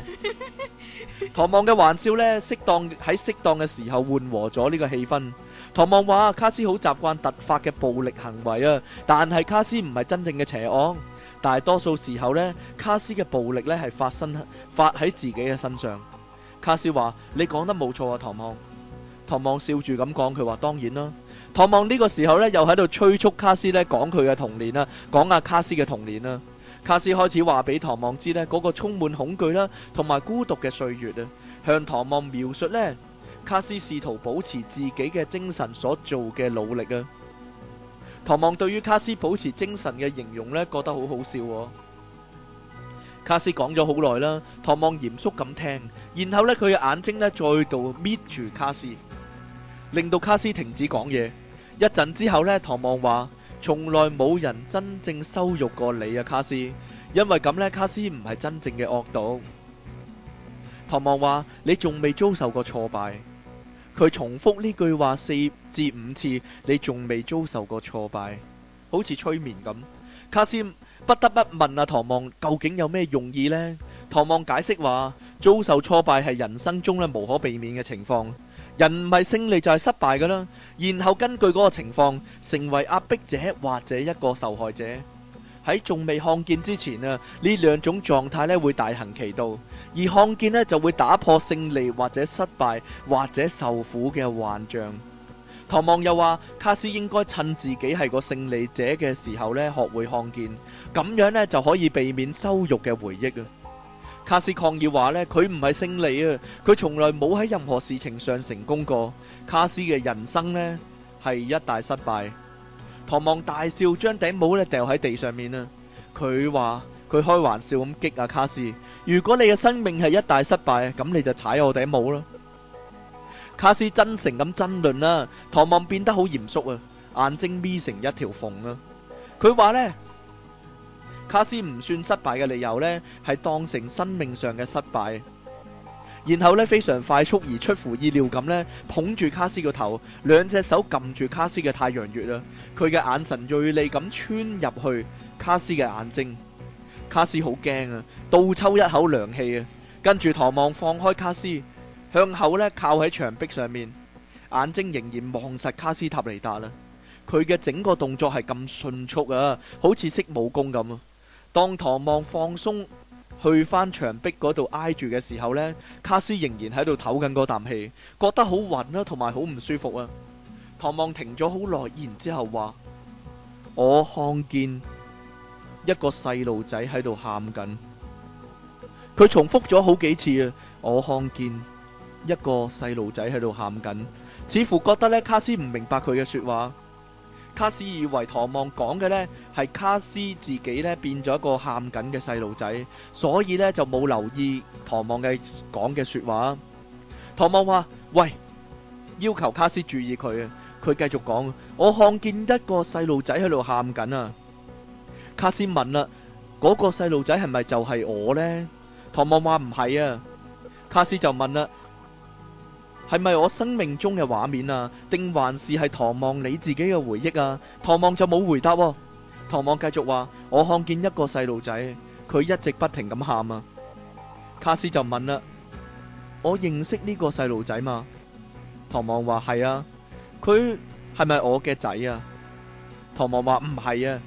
唐 望嘅玩笑呢，適當喺適當嘅時候緩和咗呢個氣氛。唐望話卡斯好習慣突發嘅暴力行為啊，但係卡斯唔係真正嘅邪惡。大多數時候呢，卡斯嘅暴力呢係發生發喺自己嘅身上。卡斯話：你講得冇錯啊，唐望。唐望笑住咁講，佢話當然啦。唐望呢個時候呢，又喺度催促卡斯呢講佢嘅童年啊。講下卡斯嘅童年啊。卡斯開始話俾唐望知呢嗰個充滿恐懼啦，同埋孤獨嘅歲月啊，向唐望描述呢，卡斯試圖保持自己嘅精神所做嘅努力啊。唐望對於卡斯保持精神嘅形容呢，覺得好好笑喎。卡斯講咗好耐啦，唐望嚴肅咁聽，然後呢，佢嘅眼睛呢，再度搣住卡斯，令到卡斯停止講嘢。一陣之後呢，唐望話：從來冇人真正羞辱過你啊，卡斯，因為咁呢，卡斯唔係真正嘅惡毒。唐望話：你仲未遭受過挫敗。佢重複呢句話四至五次，你仲未遭受過挫敗，好似催眠咁。卡斯不得不問啊，唐望究竟有咩用意呢？唐望解釋話：遭受挫敗係人生中咧無可避免嘅情況，人唔係勝利就係失敗㗎啦。然後根據嗰個情況，成為壓迫者或者一個受害者。喺仲未看見之前啊，呢兩種狀態咧會大行其道，而看見咧就會打破勝利或者失敗或者受苦嘅幻象。唐望又話：卡斯應該趁自己係個勝利者嘅時候咧，學會看見，咁樣咧就可以避免羞辱嘅回憶啊。卡斯抗議話咧，佢唔係勝利啊，佢從來冇喺任何事情上成功過。卡斯嘅人生咧係一大失敗。唐望大笑，將頂帽咧掉喺地上面啦。佢話佢開玩笑咁激啊，卡斯，如果你嘅生命係一大失敗，咁你就踩我頂帽啦。卡斯真誠咁爭論啦，唐望變得好嚴肅啊，眼睛眯成一條縫啊。佢話呢，卡斯唔算失敗嘅理由呢，係當成生命上嘅失敗。然後呢，非常快速而出乎意料咁呢，捧住卡斯個頭，兩隻手撳住卡斯嘅太陽穴啊！佢嘅眼神鋭利咁穿入去卡斯嘅眼睛，卡斯好驚啊，倒抽一口涼氣啊！跟住唐望放開卡斯，向後呢靠喺牆壁上面，眼睛仍然望實卡斯塔尼達啦。佢嘅整個動作係咁迅速啊，好似識武功咁啊！當唐望放鬆去翻牆壁嗰度挨住嘅時候呢，卡斯仍然喺度唞緊嗰啖氣，覺得好暈啦，同埋好唔舒服啊。唐望停咗好耐，然之後話我看見一個細路仔喺度喊緊，佢重複咗好幾次啊。我看見一個細路仔喺度喊緊，似乎覺得呢，卡斯唔明白佢嘅說話。卡斯以為唐望講嘅呢係卡斯自己呢變咗一個喊緊嘅細路仔，所以呢就冇留意唐望嘅講嘅說話。唐望話：喂，要求卡斯注意佢啊！佢繼續講：我看見一個細路仔喺度喊緊啊！卡斯問啦：嗰個細路仔係咪就係我呢？唐望話唔係啊！卡斯就問啦。係咪我生命中嘅畫面啊？定還是係唐望你自己嘅回憶啊？唐望就冇回答喎。唐望繼續話：我看見一個細路仔，佢一直不停咁喊啊。卡斯就問啦：我認識呢個細路仔嘛？唐望話：係啊。佢係咪我嘅仔啊？唐望話：唔係啊。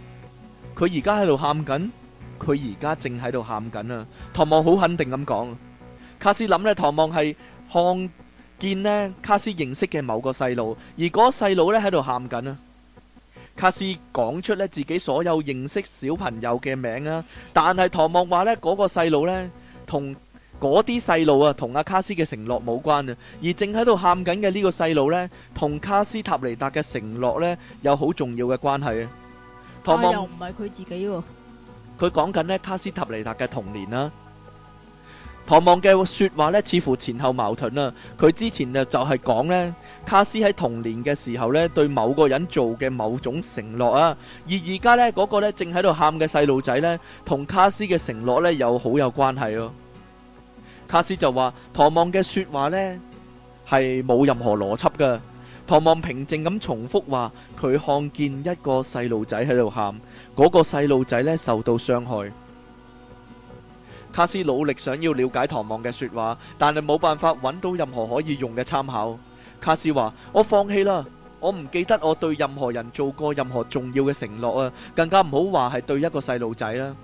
佢而家喺度喊緊，佢而家正喺度喊緊啊。唐望好肯定咁講。卡斯諗呢，唐望係看。見呢卡斯認識嘅某個細路，而嗰細路呢喺度喊緊啊！卡斯講出呢自己所有認識小朋友嘅名啊，但係唐望話呢嗰個細路呢同嗰啲細路啊，同阿卡斯嘅承諾冇關啊，而正喺度喊緊嘅呢個細路呢，同卡斯塔尼達嘅承諾呢有好重要嘅關係啊！唐望又唔係佢自己喎，佢講緊呢卡斯塔尼達嘅童年啦。唐望嘅說話咧，似乎前後矛盾啊！佢之前啊就係講咧，卡斯喺童年嘅時候咧，對某個人做嘅某種承諾啊，而而家咧嗰個咧正喺度喊嘅細路仔咧，同卡斯嘅承諾咧有好有關係哦。卡斯就話，唐望嘅說話咧係冇任何邏輯噶。唐望平靜咁重複話，佢看見一個細路仔喺度喊，嗰個細路仔咧受到傷害。卡斯努力想要了解唐望嘅說話，但係冇辦法揾到任何可以用嘅參考。卡斯話：我放棄啦，我唔記得我對任何人做過任何重要嘅承諾啊，更加唔好話係對一個細路仔啦。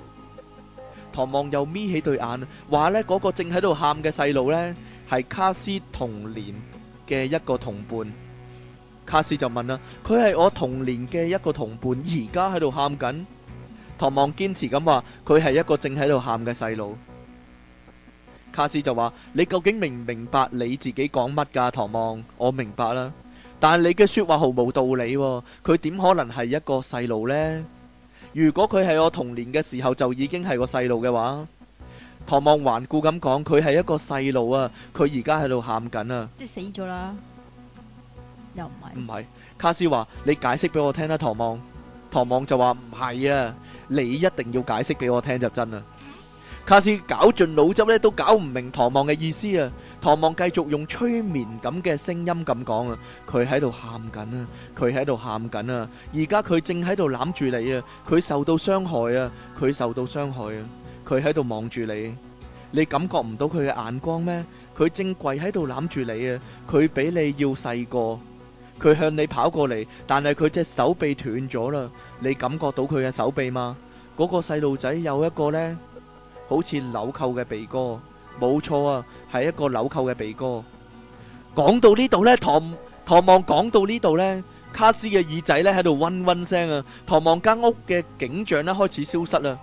唐望又眯起對眼，話呢嗰個正喺度喊嘅細路呢，係卡斯童年嘅一個同伴。卡斯就問啦：佢係我童年嘅一個同伴，而家喺度喊緊？唐望堅持咁話，佢係一個正喺度喊嘅細路。卡斯就話：你究竟明唔明白你自己講乜噶？唐望，我明白啦，但係你嘅說話毫無道理喎。佢點可能係一個細路呢？如果佢係我童年嘅時候就已經係個細路嘅話，唐望頑固咁講：佢係一個細路啊！佢而家喺度喊緊啊！即係死咗啦，又唔係？唔係。卡斯話：你解釋俾我聽啦，唐望。唐望就話：唔係啊！你一定要解釋俾我聽就真啦！卡斯搞盡腦汁咧，都搞唔明唐望嘅意思啊！唐望繼續用催眠咁嘅聲音咁講啊！佢喺度喊緊啊！佢喺度喊緊啊！而家佢正喺度攬住你啊！佢受到傷害啊！佢受到傷害啊！佢喺度望住你，你感覺唔到佢嘅眼光咩？佢正跪喺度攬住你啊！佢比你要細過。佢向你跑過嚟，但係佢隻手臂斷咗啦。你感覺到佢嘅手臂嗎？嗰個細路仔有一個呢，好似鈕扣嘅鼻哥，冇錯啊，係一個鈕扣嘅鼻哥。講到呢度呢，唐唐望講到呢度呢，卡斯嘅耳仔呢喺度嗡嗡聲啊。唐望間屋嘅景象呢開始消失啦。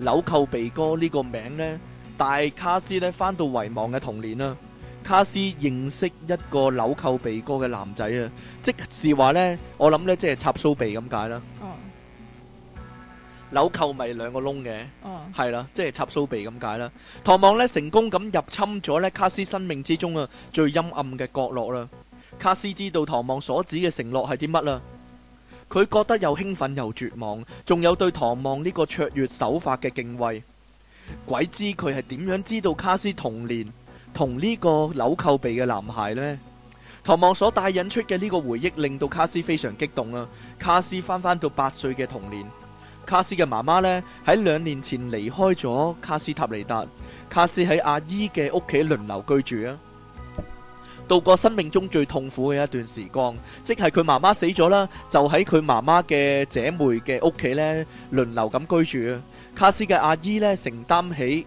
鈕扣鼻哥呢個名呢，帶卡斯呢翻到遺忘嘅童年啦。卡斯認識一個扭扣鼻哥嘅男仔啊，即是話呢，我諗呢，即係插蘇鼻咁解啦。哦，扭扣咪兩個窿嘅。哦，係啦，即係插蘇鼻咁解啦。唐望呢成功咁入侵咗呢卡斯生命之中啊最陰暗嘅角落啦。卡斯知道唐望所指嘅承諾係啲乜啦。佢覺得又興奮又絕望，仲有對唐望呢個卓越手法嘅敬畏。鬼知佢係點樣知道卡斯童年？同呢個紐扣鼻嘅男孩呢，唐望所帶引出嘅呢個回憶，令到卡斯非常激動啊！卡斯返返到八歲嘅童年，卡斯嘅媽媽呢，喺兩年前離開咗卡斯塔尼達，卡斯喺阿姨嘅屋企輪流居住啊，度過生命中最痛苦嘅一段時光，即係佢媽媽死咗啦，就喺佢媽媽嘅姐妹嘅屋企呢輪流咁居住啊！卡斯嘅阿姨呢，承擔起。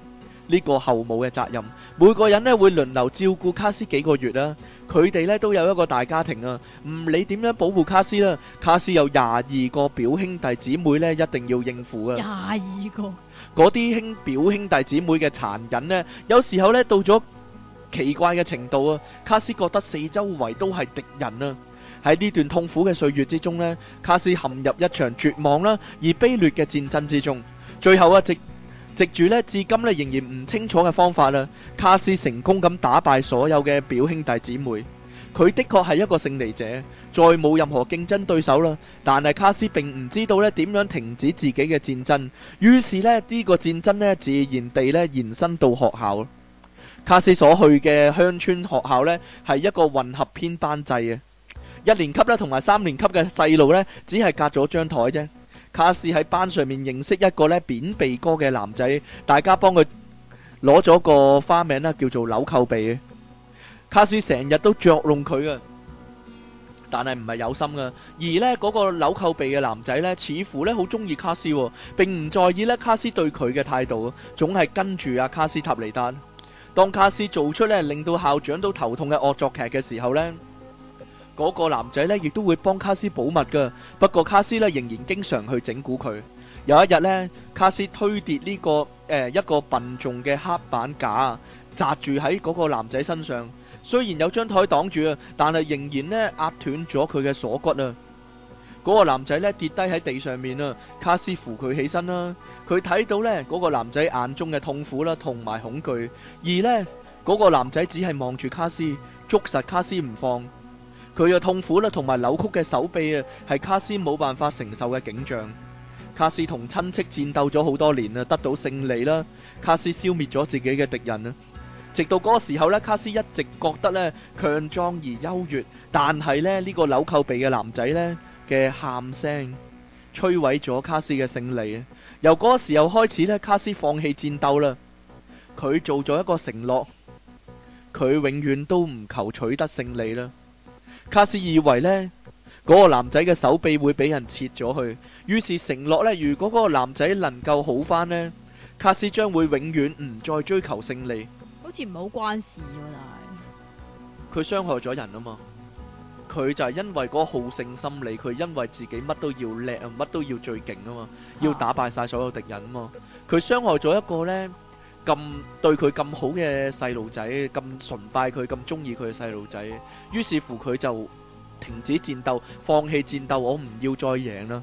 呢個後母嘅責任，每個人咧會輪流照顧卡斯幾個月啦。佢哋咧都有一個大家庭啊。唔理點樣保護卡斯啦，卡斯有廿二個表兄弟姊妹咧，一定要應付啊。廿二個嗰啲兄表兄弟姊妹嘅殘忍咧，有時候咧到咗奇怪嘅程度啊。卡斯覺得四周圍都係敵人啊。喺呢段痛苦嘅歲月之中咧，卡斯陷入一場絕望啦而卑劣嘅戰爭之中。最後啊，直，藉住咧至今咧仍然唔清楚嘅方法啦，卡斯成功咁打敗所有嘅表兄弟姊妹，佢的確係一個勝利者，再冇任何競爭對手啦。但係卡斯並唔知道咧點樣停止自己嘅戰爭，於是咧呢、呢個戰爭咧自然地咧延伸到學校。卡斯所去嘅鄉村學校咧係一個混合編班制嘅，一年級咧同埋三年級嘅細路咧只係隔咗張台啫。卡斯喺班上面認識一個咧扁鼻哥嘅男仔，大家幫佢攞咗個花名啦，叫做鈕扣鼻。卡斯成日都捉弄佢嘅，但係唔係有心噶。而咧嗰個鈕扣鼻嘅男仔咧，似乎咧好中意卡斯喎，並唔在意咧卡斯對佢嘅態度，總係跟住阿卡斯塔尼丹。當卡斯做出咧令到校長都頭痛嘅惡作劇嘅時候咧。嗰個男仔呢，亦都會幫卡斯保密㗎。不過，卡斯呢仍然經常去整蠱佢。有一日呢，卡斯推跌呢個誒一個笨重嘅黑板架，砸住喺嗰個男仔身上。雖然有張枱擋住啊，但係仍然呢壓斷咗佢嘅鎖骨啊。嗰個男仔呢跌低喺地上面啊。卡斯扶佢起身啦。佢睇到呢嗰個男仔眼中嘅痛苦啦，同埋恐懼。而呢嗰個男仔只係望住卡斯，捉實卡斯唔放。佢嘅痛苦啦，同埋扭曲嘅手臂啊，係卡斯冇辦法承受嘅景象。卡斯同親戚戰鬥咗好多年啦，得到勝利啦。卡斯消滅咗自己嘅敵人啦。直到嗰個時候咧，卡斯一直覺得咧強壯而優越，但係咧呢、呢個扭曲臂嘅男仔咧嘅喊聲摧毀咗卡斯嘅勝利啊！由嗰個時候開始咧，卡斯放棄戰鬥啦。佢做咗一個承諾，佢永遠都唔求取得勝利啦。卡斯以為咧，嗰個男仔嘅手臂會俾人切咗去，於是承諾咧，如果嗰個男仔能夠好翻咧，卡斯將會永遠唔再追求勝利。好似唔係好關事喎，但係佢傷害咗人啊嘛，佢就係因為嗰個好勝心理，佢因為自己乜都要叻啊，乜都要最勁啊嘛，要打敗晒所有敵人啊嘛，佢傷害咗一個咧。咁對佢咁好嘅細路仔，咁崇拜佢，咁中意佢嘅細路仔，於是乎佢就停止戰鬥，放棄戰鬥，我唔要再贏啦。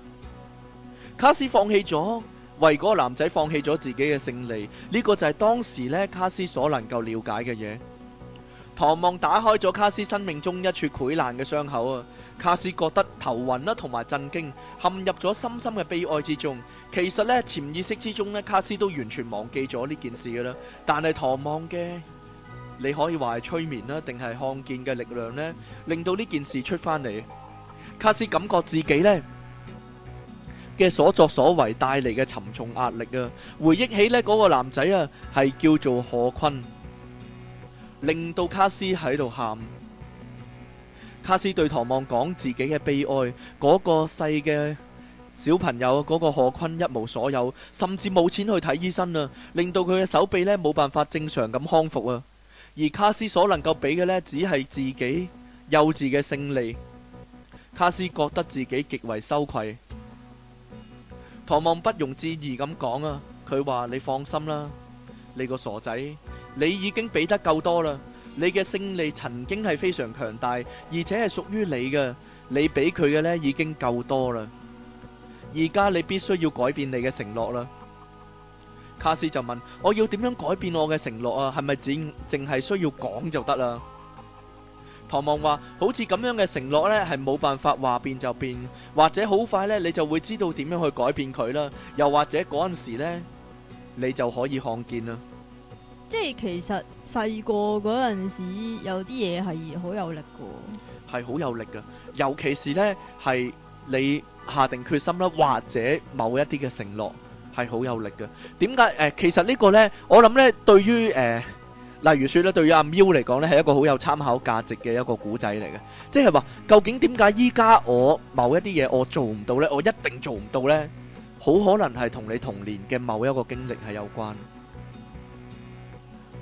卡斯放棄咗，為嗰個男仔放棄咗自己嘅勝利，呢個就係當時呢卡斯所能夠了解嘅嘢。唐望打開咗卡斯生命中一處潰爛嘅傷口啊！卡斯覺得頭暈啦，同埋震驚，陷入咗深深嘅悲哀之中。其實咧，潛意識之中咧，卡斯都完全忘記咗呢件事㗎喇。但係唐望嘅，你可以話係催眠啦，定係看見嘅力量呢，令到呢件事出翻嚟。卡斯感覺自己呢嘅所作所為帶嚟嘅沉重壓力啊！回憶起呢嗰個男仔啊，係叫做何坤，令到卡斯喺度喊。卡斯對唐望講自己嘅悲哀，嗰個細嘅小朋友，嗰個何坤一無所有，甚至冇錢去睇醫生啊，令到佢嘅手臂呢冇辦法正常咁康復啊。而卡斯所能夠俾嘅呢，只係自己幼稚嘅勝利。卡斯覺得自己極為羞愧。唐望不容置疑咁講啊，佢話你放心啦，你個傻仔，你已經俾得夠多啦。你嘅勝利曾經係非常強大，而且係屬於你嘅。你俾佢嘅呢已經夠多啦。而家你必須要改變你嘅承諾啦。卡斯就問：我要點樣改變我嘅承諾啊？係咪只淨係需要講就得啦？唐望話：好似咁樣嘅承諾呢，係冇辦法話變就變，或者好快呢，你就會知道點樣去改變佢啦。又或者嗰陣時呢，你就可以看見啦。即係其實細個嗰陣時有啲嘢係好有力噶係好有力噶尤其是咧，係你下定決心啦，或者某一啲嘅承諾係好有力噶。點解？誒，其實呢個咧，我諗咧，對於誒，例如說咧，對於阿 Miu 嚟講咧，係一個好有參考價值嘅一個古仔嚟嘅。即係話，究竟點解依家我某一啲嘢我做唔到咧？我一定做唔到咧？好可能係同你童年嘅某一個經歷係有關。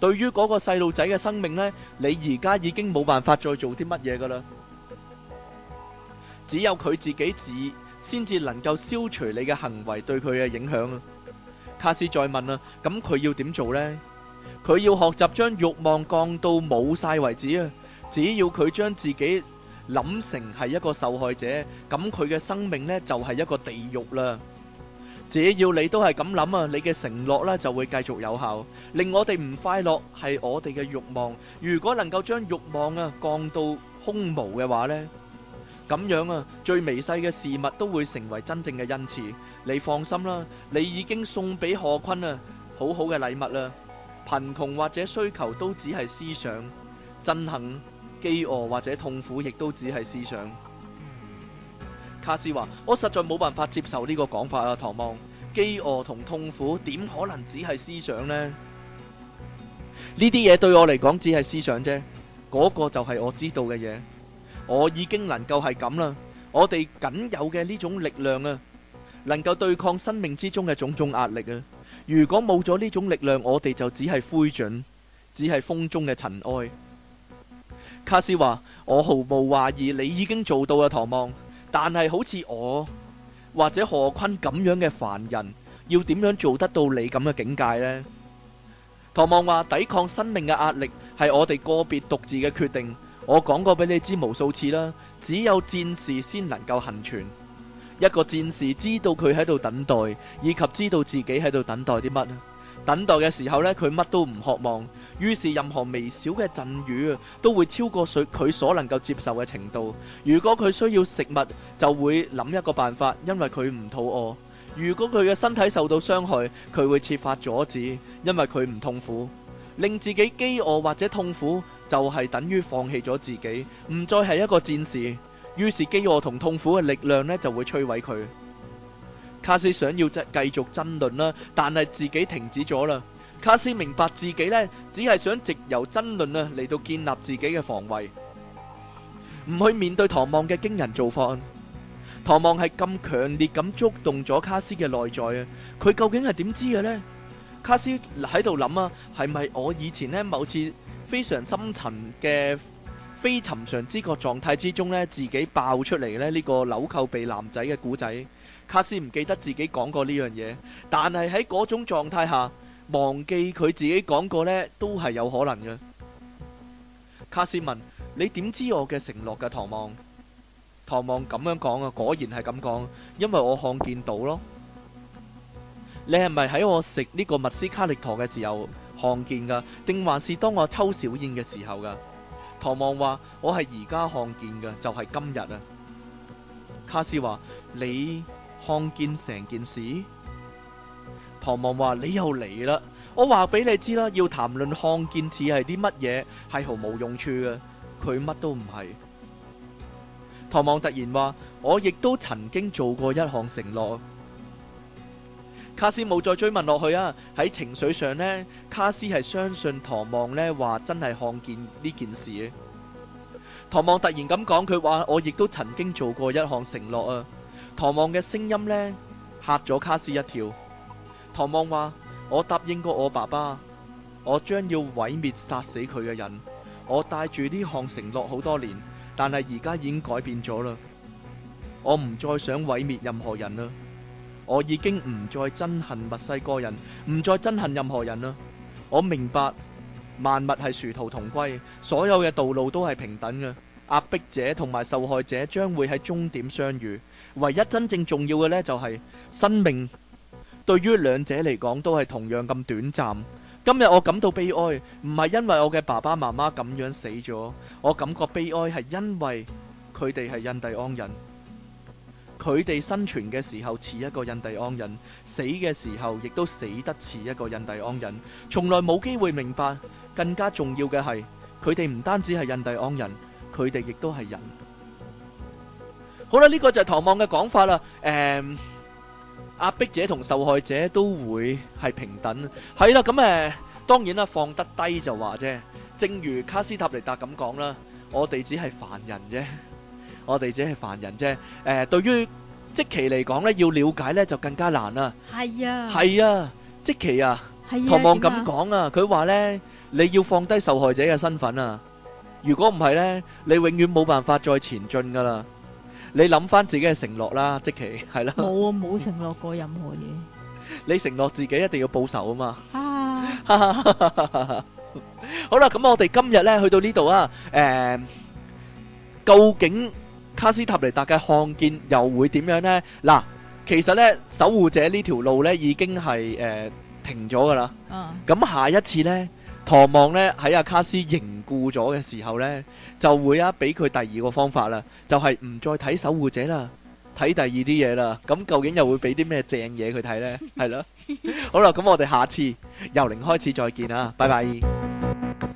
對於嗰個細路仔嘅生命呢，你而家已經冇辦法再做啲乜嘢噶啦，只有佢自己自先至能夠消除你嘅行為對佢嘅影響啊！卡斯再問啊，咁佢要點做呢？佢要學習將慾望降到冇晒為止啊！只要佢將自己諗成係一個受害者，咁佢嘅生命呢就係一個地獄啦。只要你都係咁諗啊，你嘅承諾呢就會繼續有效，令我哋唔快樂係我哋嘅慾望。如果能夠將慾望啊降到空無嘅話呢，咁樣啊最微細嘅事物都會成為真正嘅恩賜。你放心啦，你已經送俾何坤啊好好嘅禮物啦。貧窮或者需求都只係思想，憎恨、飢餓或者痛苦亦都只係思想。卡斯話：我實在冇辦法接受呢個講法啊！唐望，飢餓同痛苦點可能只係思想呢？呢啲嘢對我嚟講只係思想啫。嗰、那個就係我知道嘅嘢，我已經能夠係咁啦。我哋僅有嘅呢種力量啊，能夠對抗生命之中嘅種種壓力啊。如果冇咗呢種力量，我哋就只係灰燼，只係風中嘅塵埃。卡斯話：我毫無懷疑，你已經做到啊！唐望。但係好似我或者何坤咁樣嘅凡人，要點樣做得到你咁嘅境界呢？唐望話：抵抗生命嘅壓力係我哋個別獨自嘅決定。我講過俾你知無數次啦，只有戰士先能夠幸存。一個戰士知道佢喺度等待，以及知道自己喺度等待啲乜。等待嘅時候呢，佢乜都唔渴望。於是任何微小嘅陣雨都會超過佢所能夠接受嘅程度。如果佢需要食物，就會諗一個辦法，因為佢唔肚餓。如果佢嘅身體受到傷害，佢會設法阻止，因為佢唔痛苦。令自己飢餓或者痛苦，就係等於放棄咗自己，唔再係一個戰士。於是飢餓同痛苦嘅力量咧，就會摧毀佢。卡斯想要再繼續爭論啦，但係自己停止咗啦。卡斯明白自己呢，只係想藉由爭論啊嚟到建立自己嘅防衛，唔去面對唐望嘅驚人做法。唐望係咁強烈咁觸動咗卡斯嘅內在啊，佢究竟係點知嘅呢？卡斯喺度諗啊，係咪我以前呢某次非常深沉嘅非尋常知覺狀態之中呢，自己爆出嚟咧呢、呢個紐扣被男仔嘅故仔？卡斯唔記得自己講過呢樣嘢，但係喺嗰種狀態下。忘記佢自己講過呢，都係有可能嘅。卡斯問，你點知我嘅承諾嘅？唐望，唐望咁樣講啊，果然係咁講，因為我看見到咯。你係咪喺我食呢個密斯卡力陀嘅時候看見噶？定還是當我抽小煙嘅時候噶？唐望話：我係而家看見噶，就係今日啊。卡斯話：你看見成件事？唐望話：你又嚟啦！我話俾你知啦，要談論看見似係啲乜嘢，係毫無用處嘅。佢乜都唔係。唐望突然話：我亦都曾經做過一項承諾。卡斯冇再追問落去啊！喺情緒上呢，卡斯係相信唐望呢話真係看見呢件事。唐望突然咁講，佢話我亦都曾經做過一項承諾啊！唐望嘅聲音呢，吓咗卡斯一跳。唐望話：我答應過我爸爸，我將要毀滅殺死佢嘅人。我帶住呢項承諾好多年，但係而家已經改變咗啦。我唔再想毀滅任何人啦。我已經唔再憎恨墨西哥人，唔再憎恨任何人啦。我明白萬物係殊途同歸，所有嘅道路都係平等嘅。壓迫者同埋受害者將會喺終點相遇。唯一真正重要嘅呢，就是，就係生命。對於兩者嚟講都係同樣咁短暫。今日我感到悲哀，唔係因為我嘅爸爸媽媽咁樣死咗，我感覺悲哀係因為佢哋係印第安人。佢哋生存嘅時候似一個印第安人，死嘅時候亦都死得似一個印第安人，從來冇機會明白。更加重要嘅係，佢哋唔單止係印第安人，佢哋亦都係人。好啦，呢個就係唐望嘅講法啦。誒。壓迫者同受害者都會係平等，係啦。咁誒，當然啦，放得低就話啫。正如卡斯塔尼達咁講啦，我哋只係凡人啫，我哋只係凡人啫。誒，對於積奇嚟講咧，要了解咧就更加難啦。係啊。係啊，積奇啊，唐望咁講啊，佢話咧，你要放低受害者嘅身份啊，如果唔係咧，你永遠冇辦法再前進㗎喇。你諗翻自己嘅承諾啦，即其係啦，冇啊冇承諾過任何嘢。你承諾自己一定要報仇啊嘛。啊，好啦，咁我哋今日咧去到呢度啊，誒，究竟卡斯塔尼達嘅看見又會點樣咧？嗱，其實咧守護者呢條路咧已經係誒停咗噶啦。嗯，咁下一次咧。唐望咧喺阿卡斯凝固咗嘅時候呢，就會啊俾佢第二個方法啦，就係、是、唔再睇守護者啦，睇第二啲嘢啦。咁究竟又會俾啲咩正嘢佢睇呢？係咯 是啦， 好啦，咁我哋下次由零開始，再見啊， 拜拜。